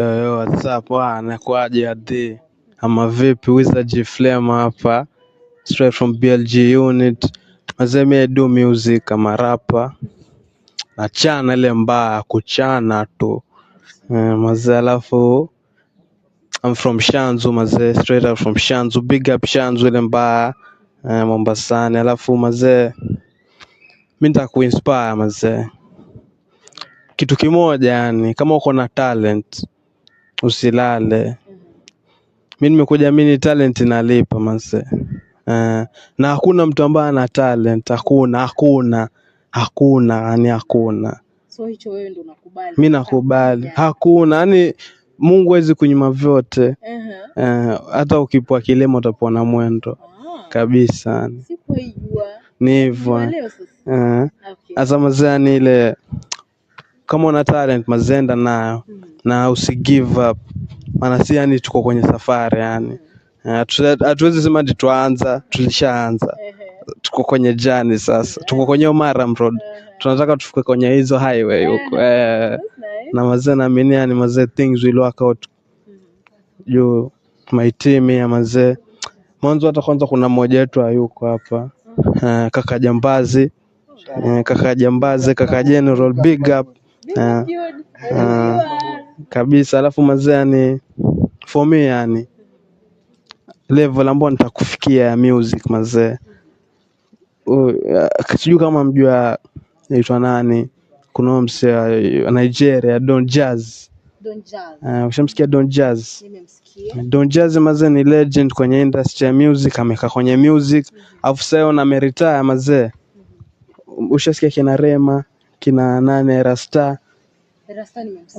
Yo, eh, what's up bwana, ah, kwaje ama vipi? wiza jiflema hapa straight from BLG unit. Mazemi do music ama rapa na chana ile mbaya kuchana tu eh, mazee, alafu I'm from Shanzu mazee, straight up from Shanzu, big up Shanzu ile mbaya eh, Mombasani. Alafu mazee, mi nitakuinspire mazee kitu kimoja, yani kama uko na talent usilale. Mi nimekuja mi ni talent nalipa manse. Uh, eh, na hakuna mtu ambaye ana talent, hakuna hakuna hakuna, yani hakuna. So hicho wewe ndio unakubali? Mi nakubali, hakuna yani Mungu hawezi kunyima vyote. Eh, hata uh, ukipwa kilema utapona na mwendo ah. kabisa. Yaani. Ni hivyo hasa eh. mazani ile, kama una talent mazenda nayo -huh. Hmm na usi give up maana si yani tuko kwenye safari yani eh, hatuwezi sema ndi twaanza tulishaanza tuko kwenye jani sasa yeah. tuko kwenye Omaram Road tunataka tufike kwenye hizo highway huko yeah. Eh. yeah. nice. na mazee naamini yani mazee things will work out mm-hmm. juu my team ya mazee mwanzo hata kwanza kuna mmoja wetu hayuko hapa mm-hmm. eh, kaka jambazi oh, eh, kaka jambazi kaka general big up eh, eh, kabisa, alafu mazee, yani for me, yani level ambao nitakufikia ya music mazee, uh, sijui kama mjua naitwa nani, kuna mse wa Nigeria Don Jazz. Don Jazzy. Uh, eh, ushamsikia Don Jazz? Don Jazz mazee ni legend kwenye industry ya music, amekaa kwenye music mhm. afu sasa yona ameretire mazee. Mhm. Ushasikia kina Rema, kina nane Rasta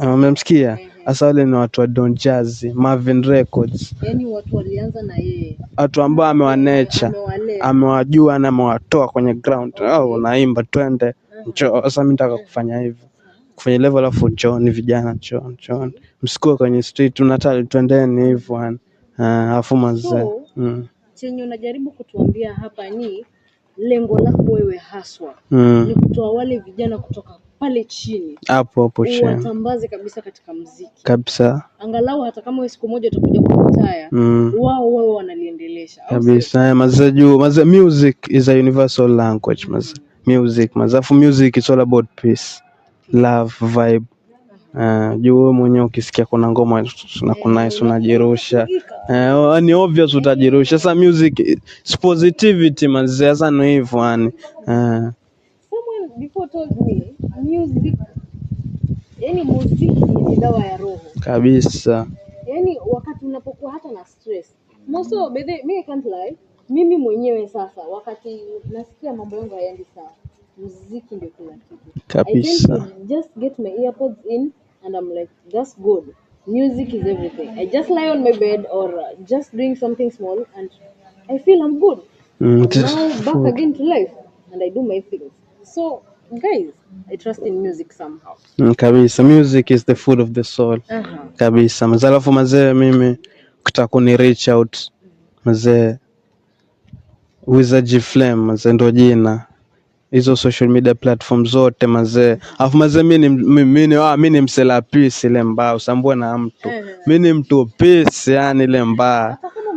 Amemsikia ah, hasa wale ni watu wa Don Jazzy, Marvin Records, Yaani watu walianza na yeye, watu ambao amewanecha amewajua na amewatoa kwenye ground. Okay. Oh, unaimba twende, njoo. Sasa mimi nataka kufanya hivyo kufanya level, alafu njooni vijana, njoo njoo, msikue kwenye street, unataka twendeni hivyo yani, ah, alafu mazee mm. Chenye unajaribu kutuambia hapa ni lengo lako wewe haswa mm. ni kutoa wale vijana kutoka pale chini hapo hapo chini, uwatambaze kabisa katika mziki kabisa, angalau hata kama siku moja utakuja kuritaya mm. wao wao wanaliendelesha kabisa. Maza juu maza, music is a universal language maza mm. music maza, afu music is all about peace, love, vibe eh, juu wewe mwenyewe ukisikia kuna ngoma na kuna nice eh, unajirusha, uh, ni obvious utajirusha. Sasa music is positivity manzi, sasa ndio hivyo yani music yani muziki ni dawa ya roho kabisa, yani wakati unapokuwa hata na stress moso bethe, mi I can't lie, mimi mwenyewe sasa, wakati nasikia mambo yangu hayaendi sawa, muziki ndio kila kitu kabisa. I just get my earpods in and I'm like that's good music is everything. I just lie on my bed or uh, just doing something small and I feel I'm good. Mm, just... now back again to life and I do my things. So Guys, I trust in music somehow. Mm, kabisa music is the food of the soul. Uh -huh. Kabisa mazee, alafu mazee, mimi kutaka kuni reach out mazee, wizaji Flame mazee ndo jina hizo social media platform zote mazee. Alafu mazee, mi mimi ah, ni msela pisi ile mbaa usambue na mtu eh. mi ni mtu pisi yani ile mbaa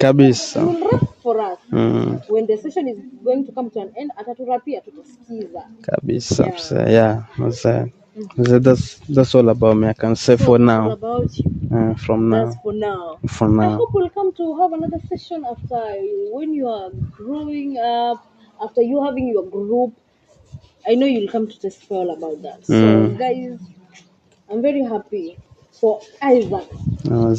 kabisa mm. kabisa mm. that's all about me I can say for now uh, from now for now I hope we'll come to have another session after when you are growing up after you having your group I know you'll come to testify all about that so mm. guys I'm very happy for Isaac. Uh,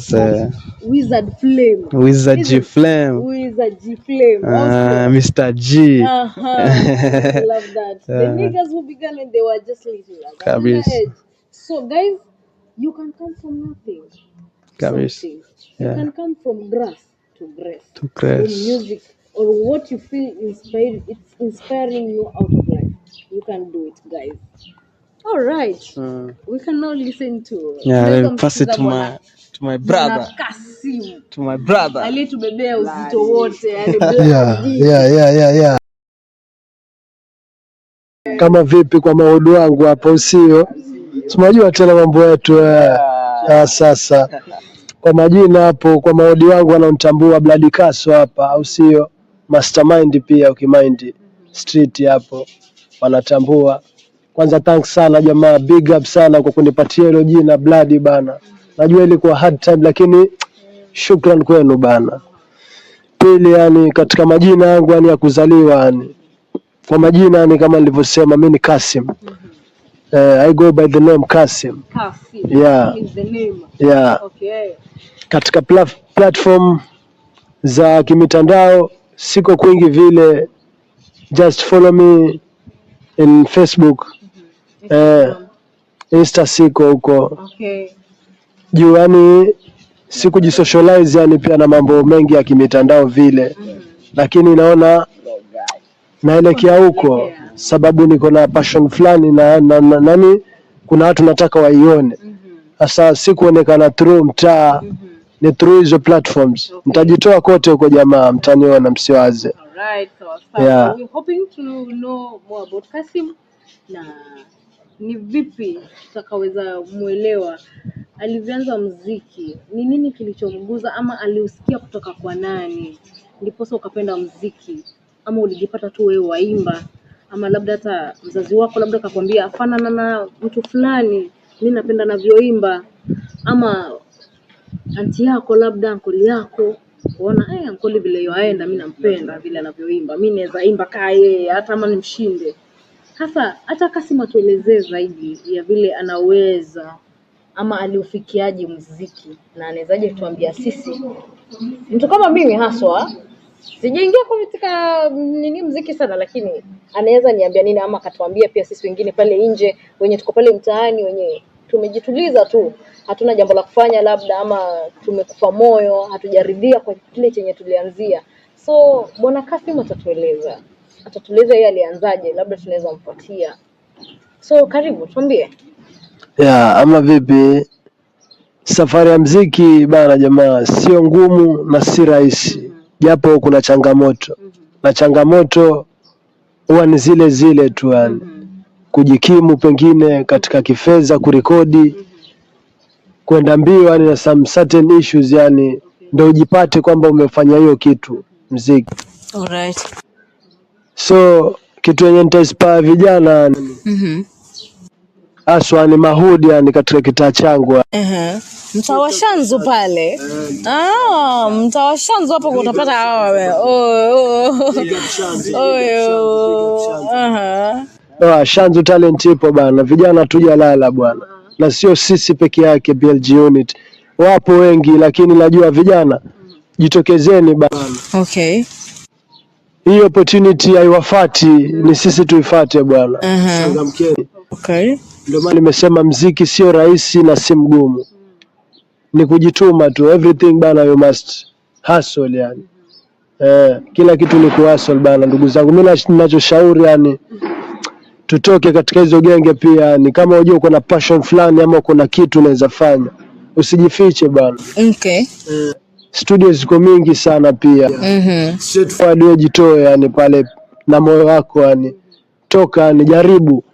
wizard Flame. Wizard G Flame. Wizard G Flame. Uh, Mr. G. Uh-huh. I love that. The niggers uh, niggas who began when they were just little. So guys, you can come from nothing. to You can come from grass to grass. To grass. music or what you feel inspired it's inspiring you out of life. You can do it, guys. All right. Mm. We can now listen to. Yeah, let me pass it to my to my brother. To my brother. yeah, yeah, yeah, yeah, yeah. Kama vipi kwa maudu wangu hapo sio? Tunajua tena mambo yetu eh, sasa. Kwa majina hapo kwa maudi wangu wanaomtambua Bladi Kaso hapa au sio? Mastermind pia ukimind street hapo wanatambua kwanza thanks sana jamaa, big up sana kwa kunipatia hilo jina Bloody bana. Najua ilikuwa hard time lakini shukran kwenu bana. Pili, yani katika majina yangu yani ya kuzaliwa yani kwa majina yani kama nilivyosema mimi ni Kasim. Uh, I go by the name Kasim. Kasim. Yeah. The name. Yeah. Okay. Katika plat platform za kimitandao siko kwingi vile, just follow me in Facebook eh, Insta siko huko okay. Juu yani sikujisocialize yani pia na mambo mengi ya kimitandao vile mm. Lakini naona naelekea huko sababu niko na passion fulani na, na, na, nani kuna watu nataka waione mm-hmm. sasa mm -hmm. si kuonekana through mtaa mm -hmm. ni through hizo platforms okay. Mtajitoa kote huko jamaa, mtaniona msiwaze. Alright, so, so, yeah ni vipi tutakaweza mwelewa alivyoanza mziki ni nini kilichomguza ama aliusikia kutoka kwa nani ndiposa ukapenda mziki ama ulijipata tu wewe waimba ama labda hata mzazi wako labda akakwambia fanana na mtu fulani mi napenda navyoimba ama anti yako labda ankoli yako kuona hey, eh, ankoli vile yoaenda mi nampenda vile anavyoimba mi naweza imba kaa yeye hata ama nimshinde sasa hata Kassim atuelezee zaidi ya vile anaweza ama aliufikiaje muziki na anawezaje tuambia sisi mtu kama mimi haswa sijaingia katika nini mziki sana, lakini anaweza niambia nini ama akatuambia pia sisi wengine pale nje wenye tuko pale mtaani wenye tumejituliza tu, hatuna jambo la kufanya labda, ama tumekufa moyo, hatujaridhia kwa kile chenye tulianzia. So bwana Kassim atatueleza atatuliza yeye alianzaje, labda tunaweza kumfuatia. So karibu tuambie. Yeah, ama vipi? Safari ya mziki bana jamaa, sio ngumu na si rahisi, japo mm -hmm. kuna changamoto mm -hmm. na changamoto huwa ni zile zile tu yani mm -hmm. kujikimu pengine katika kifedha, kurekodi mm -hmm. kwenda mbio yani na some certain issues yani okay. Ndio ujipate kwamba umefanya hiyo kitu mziki. Alright. So kitu yenye nitaispa vijana mm mm-hmm. -hmm. aswa ni mahudi yani katika kitaa changu yani. Ehe. Uh-huh. Mtawashanzu pale. Ah, mtawashanzu hapo utapata hawa Oh. oh, oh. Uh-huh. Ah, shanzu talent ipo bana, vijana tujalala bwana, na sio sisi peke yake BLG unit, wapo wengi, lakini najua vijana jitokezeni bana. Okay hii opportunity haiwafati, ni sisi tuifate bwana. Changamkeni. Okay. Ndio maana nimesema mziki sio rahisi na si mgumu, ni kujituma tu, everything bana, you must hustle yani. Eh, kila kitu ni kuhustle bana, ndugu zangu. Mimi ninachoshauri yani tutoke katika hizo genge pia. Ni kama unajua uko na passion fulani ama uko na kitu unaweza fanya, usijifiche bwana. Okay. Eh studio ziko mingi sana pia mm -hmm. Straightforward wewe jitoe, yani pale na moyo wako, yani toka, yani jaribu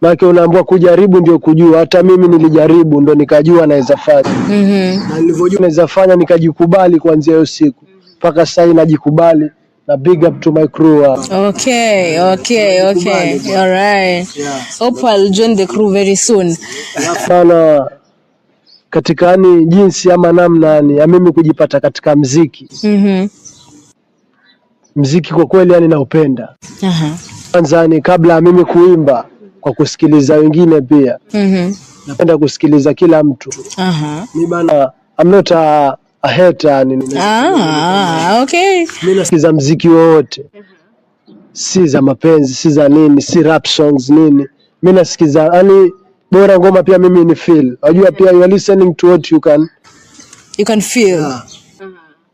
maana unaambiwa kujaribu ndio kujua. Hata mimi nilijaribu ndo nikajua naweza fanya mm -hmm. na nilivyojua naweza fanya nikajikubali kuanzia hiyo siku mpaka sasa hivi najikubali, na big up to my crew. Okay, okay, okay, all right. yeah. Hope I'll join the crew very soon. Sana katika ni yaani jinsi ama namna ni yaani ya mimi kujipata katika mziki mm -hmm. Mziki kwa kweli yani naupenda kwanza, uh yaani -huh. Kabla ya mimi kuimba kwa kusikiliza wengine pia mm -hmm. Napenda kusikiliza kila mtu uh -huh. Mimi bana I'm not a, a hater ni ah, okay. Mimi nasikiza mziki wowote, si za mapenzi, si za nini, si rap songs nini, mimi nasikiza yani bora ngoma pia mimi ni feel. Unajua pia you are listening to what you can you can feel.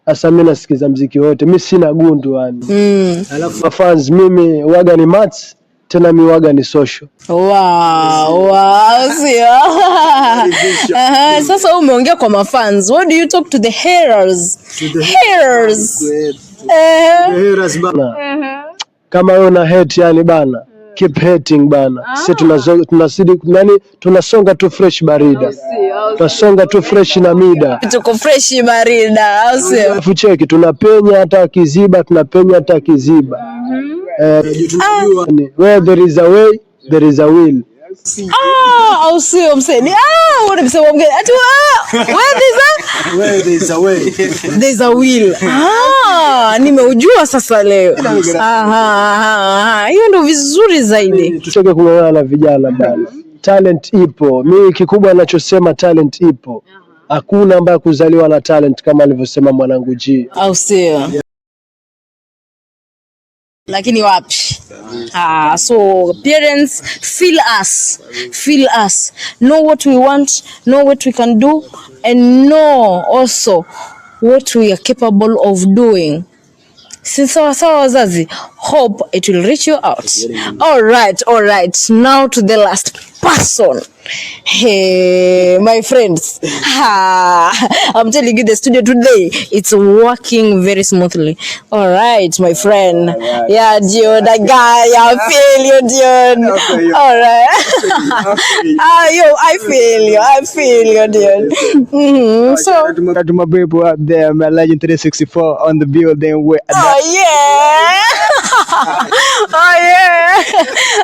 Sasa mimi nasikiza mziki wote, mimi sina gundu yani. Mm. Alafu fans mimi waga ni mats tena mi waga ni social. Wow, wow, sio? Uh, sasa umeongea kwa mafans. What do you talk to the haters? Haters. Eh. Haters bana. Kama wewe una hate yani bana. Keep hating bana. Ah. Sisi tunazonga tunasidi nani tunasonga tu fresh barida. Tunasonga tu fresh na mida. Tuko fresh barida. au Alafu cheki tunapenya hata kiziba tunapenya hata kiziba. Mm -hmm. Eh, ah. Where there is a way, there is a will au sio mseni? Ah, mgeni. Ati ah, ah, nimeujua sasa leo. Aha, Hiyo ndio vizuri zaidi. Tutoke kung'ang'ana na vijana bana. Talent ipo. mi kikubwa anachosema talent ipo. Hakuna ambaye kuzaliwa na talent kama alivyosema mwanangu G. Au sio? lakini wapi? Ah, so parents feel us, feel us, know what we want, know what we can do and know also what we are capable of doing. Si sawa sawa wazazi, hope it will reach you out. All right, all right. Now to the last person. Hey, my friends. Ha, I'm telling you the studio today it's working very smoothly. All right, my friend. Yeah, Dion, the guy, I feel you, Dion. All right. Ah, yo, I feel you. I feel you, Dion. Mm-hmm. So to my people out there, my legend 364 on the building. Oh yeah oh yeah,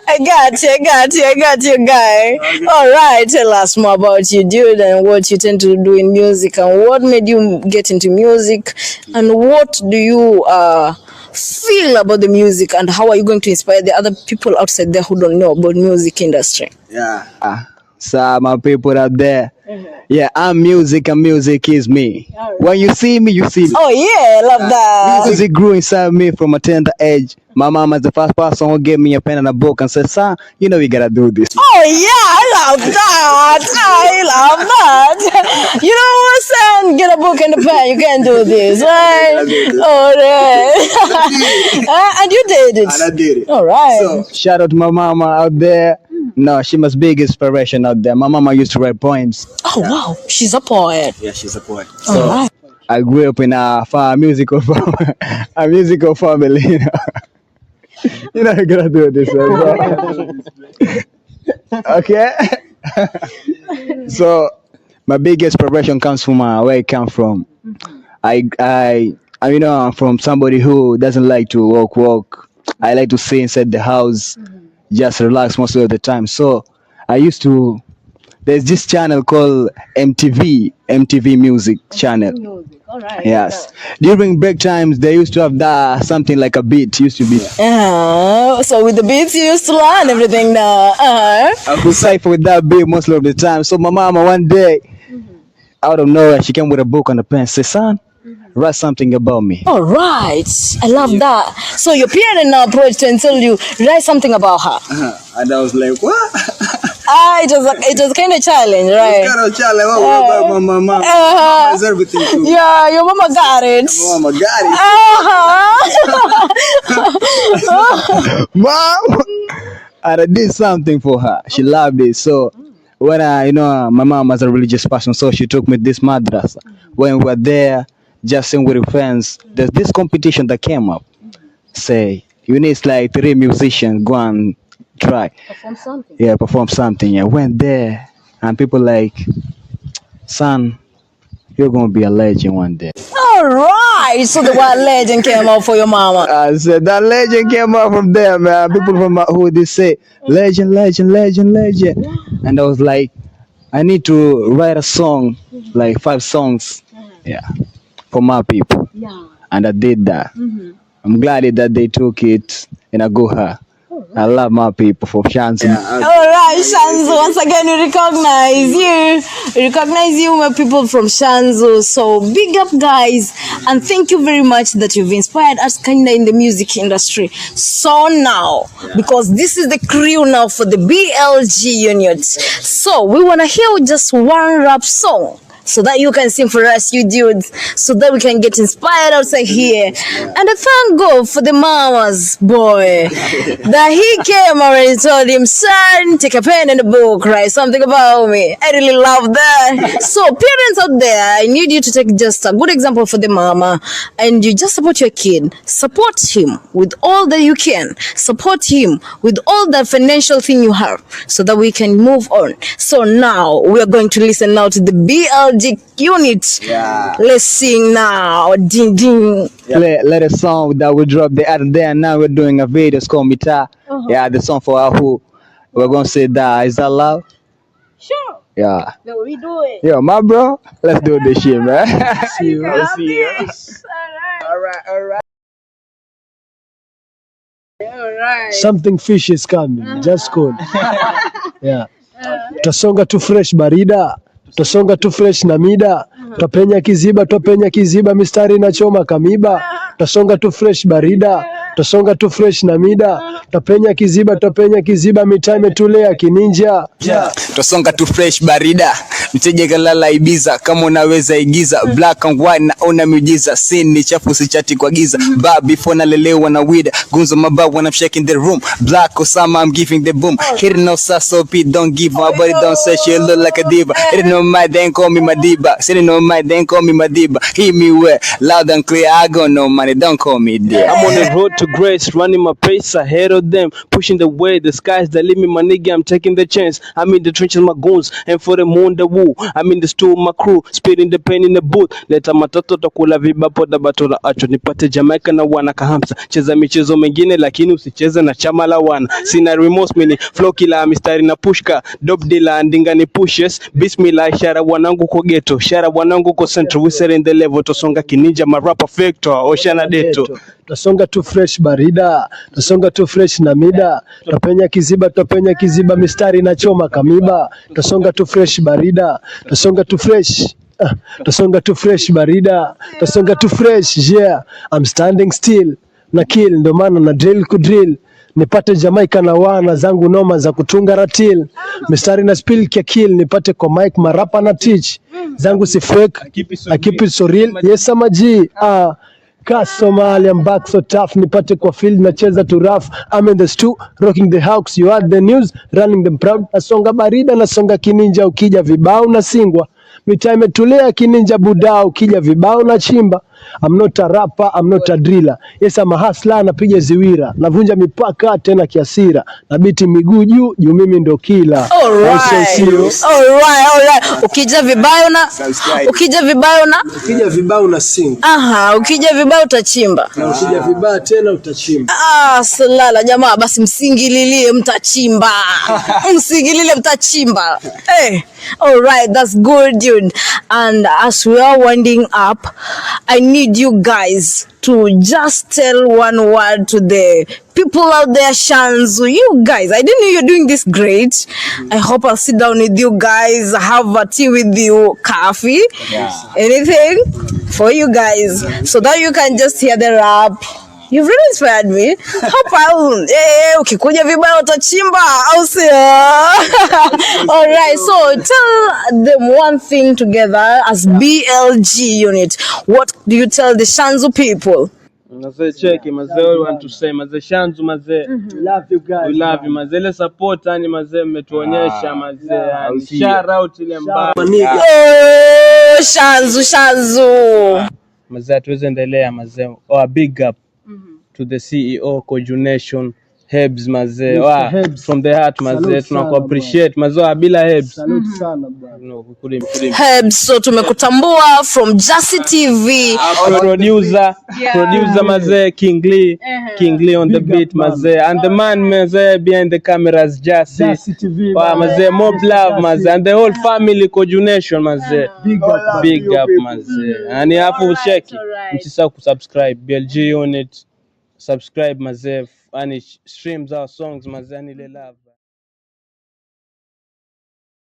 I got you, I got you, I got you, guy. Okay. All right, tell us more about you, dude, and what you tend to do in music, and what made you get into music, and what do you uh feel about the music, and how are you going to inspire the other people outside there who don't know about music industry? Yeah. Uh. So my people out there. Mm-hmm. Yeah, I'm music and music is me. Right. When you see me, you see me. Oh yeah, love that. Music grew inside me from a tender age. My mama is the first person who gave me a pen and a book and said, son, you know we gotta do this. Oh yeah, I love that. I love that. You know what, son? Get a book and a pen. You can do this, right? All oh, right. Uh, and you did it. And I did it. All right. So shout out to my mama out there. No, she must be inspiration out there. My mama used to write poems. Oh wow, she's a poet. Yeah, she's a poet. So All right. I grew up in a, a musical a musical family. You know, you're not gonna do it this way. But... okay. so my biggest inspiration comes from uh, where I come from. I I I you know I'm from somebody who doesn't like to walk walk. I like to stay inside the house. Mm-hmm just relax most of the time. So I used to. There's this channel called MTV, MTV Music Channel. Music. All right. Yes. During break times, they used to have that something like a beat. Used to be. Uh, so with the beats, you used to learn everything now. Uh-huh. I could cipher with that beat most of the time. So my mama one day, mm-hmm. out of nowhere, she came with a book and a pen. Say, son, write something about me. All right, I love that. So your parent now approached you and told you write something about her. Uh-huh. And I was like, what? ah, it was like, it was kind of challenge, right? It was kind of challenge. What uh, about eh. my mom? Uh, eh, eh. mom is everything too. Yeah, your mama got it. Your mama got it. Uh-huh. Mom, I did something for her. She loved it. So when I, you know, my mom was a religious person, so she took me this madrasa. When we were there, just sing with the friends. There's this competition that came up. Say you need like three musicians go and try. Perform something. Yeah, perform something. Yeah, went there and people like, son, you're gonna be a legend one day. All right, so the word legend came out for your mama. I said that legend came out from there, man. People from who they say legend, legend, legend, legend, and I was like, I need to write a song, like five songs. Yeah for my people. Yeah. And I did that. Mm-hmm. I'm glad that they took it in a good heart. I love my people for Shanzu. Yeah, All right, Shanzu. Once again, we recognize you. We recognize you, my people from Shanzu. So big up, guys, and thank you very much that you've inspired us, kinda, in the music industry. So now, because this is the crew now for the BLG Union, so we wanna hear just one rap song so that you can sing for us, you dudes, so that we can get inspired outside here. And I thank God for the mamas, boy, that he came already told him, son, take a pen and a book, write something about me. I really love that. So parents out there, I need you to take just a good example for the mama, and you just support your kid. Support him with all that you can. Support him with all the financial thing you have, so that we can move on. So now we are going to listen now to the BL magic unit. Yeah. Let's sing now. Ding ding. Yeah. Let, let a song that we dropped the other day and now we're doing a video. It's called Mita. Uh -huh. Yeah, the song for Ahu. We're gonna say that. Is that loud? Sure. Yeah. No, we do it. Yo, my bro. Let's do this shit, man. see you. see you. All right. All right. All right. Something fish is coming. Uh -huh. Just cool. yeah. Uh -huh. Tasonga too fresh barida. tosonga tu fresh na mida, twapenya kiziba, twapenya kiziba, mistari na choma kamiba, twasonga tu fresh barida Tutasonga tu fresh na mida, tutapenya kiziba, tutapenya kiziba, mitaa imetulia kininja, tutasonga tu fresh barida, mteja kalala Ibiza, kama unaweza igiza black and white, naona miujiza, scene ni chafu, si chati kwa giza, ba before nalelewa na wida gunzo mabao when I'm shaking the room, black Osama I'm giving the boom, here no sasso p don't give my body don't say she look like a diva, here no my then call me Madiba, here no my then call me Madiba, hear me well loud and clear, I got no money don't call me dear. I'm on the road to to grace, running my pace, I ahead of them, pushing the way. The skies that leave me, my nigga. I'm taking the chance. I'm in the trenches, my goons, and for the moon, the woo. I'm in the stool, my crew, spitting the pain in the booth. Leta matoto takula viba poda batola acho nipate Jamaica na wana kahamsa. Cheza michezo mengine lakini usicheze na chama la wana. Sina remorse mini flow kila mistari na pushka. Dope dealer andinga ni pushes. Bismillah ishara wanangu kwa ghetto. Ishara wanangu kwa central. We set in the level tosonga kininja marapa factor. Oceana deto. Tunasonga tu fresh barida, tunasonga tu fresh na mida, tunapenya kiziba, tunapenya kiziba, mistari na choma kamiba, tunasonga tu fresh barida, tunasonga tu fresh ah, tu fresh barida, tunasonga tu fresh yeah, I'm standing still na kill, ndio maana na drill ku drill nipate Jamaica na wana zangu noma za kutunga ratil mistari na spill kia kill nipate kwa mic marapa na teach zangu si fake akipi soril yesamaji ah kasomalia I'm back so tough, nipate kwa field nacheza tu rough. I'm in the stew, rocking the hawks. you are the news, running them proud. Nasonga barida, nasonga kininja, ukija vibao na singwa. Mitaa imetulia kininja budaa, ukija vibao na chimba. I'm not a rapper, I'm not a driller. Yes, I'm a hustler, napiga ziwira, navunja mipaka tena kiasira, na biti miguu juu juu, mimi ndo kila. Ukija vibaya una ukija vibayo na ukija vibayo na sing. Aha, ukija vibayo utachimba. Na ukija vibayo tena utachimba. Ah, salala jamaa, basi msingililie mtachimba. Msingililie mtachimba. Eh. All right, that's good dude. And as we are winding up, I need need you guys to just tell one word to the people out there, Shanzu. You guys, I didn't know you're doing this great. I hope I'll sit down with you guys, have a tea with you, coffee, yeah. anything for you guys, so that you can just hear the rap. You've really inspired me. Hopa, um, eh, eh, ukikuja vibaya utachimba au sio? All right. So tell them one thing together as BLG unit. What do you tell the Shanzu people? Mazee cheki mazee, all want to say mazee Shanzu mazee, mhm. love you guys, we love you mazee, ile support yani mazee mmetuonyesha ah, mazee, shout out ile mbaya Shanzu Shanzu mazee, tuweze endelea mazee, oh big up to the CEO coordination Hebs mazee, wa From the heart mazee, tunako appreciate mazee bila Hebs. Salute mhm. sana bwana. No, kulim, kulim. Hebs, so tumekutambua from Jasi TV. Producer, yeah. Producer mazee King Lee, uh-huh. King Lee on Big the beat mazee and the man uh-huh. mazee behind the cameras Jasi TV. wa mazee mob love mazee and the whole family coordination mazee. Uh-huh. Big up, big up mazee. yani hapo cheki Msisahau kusubscribe BLG unit. subscribe mazee, it streams our songs mazee, yani ile love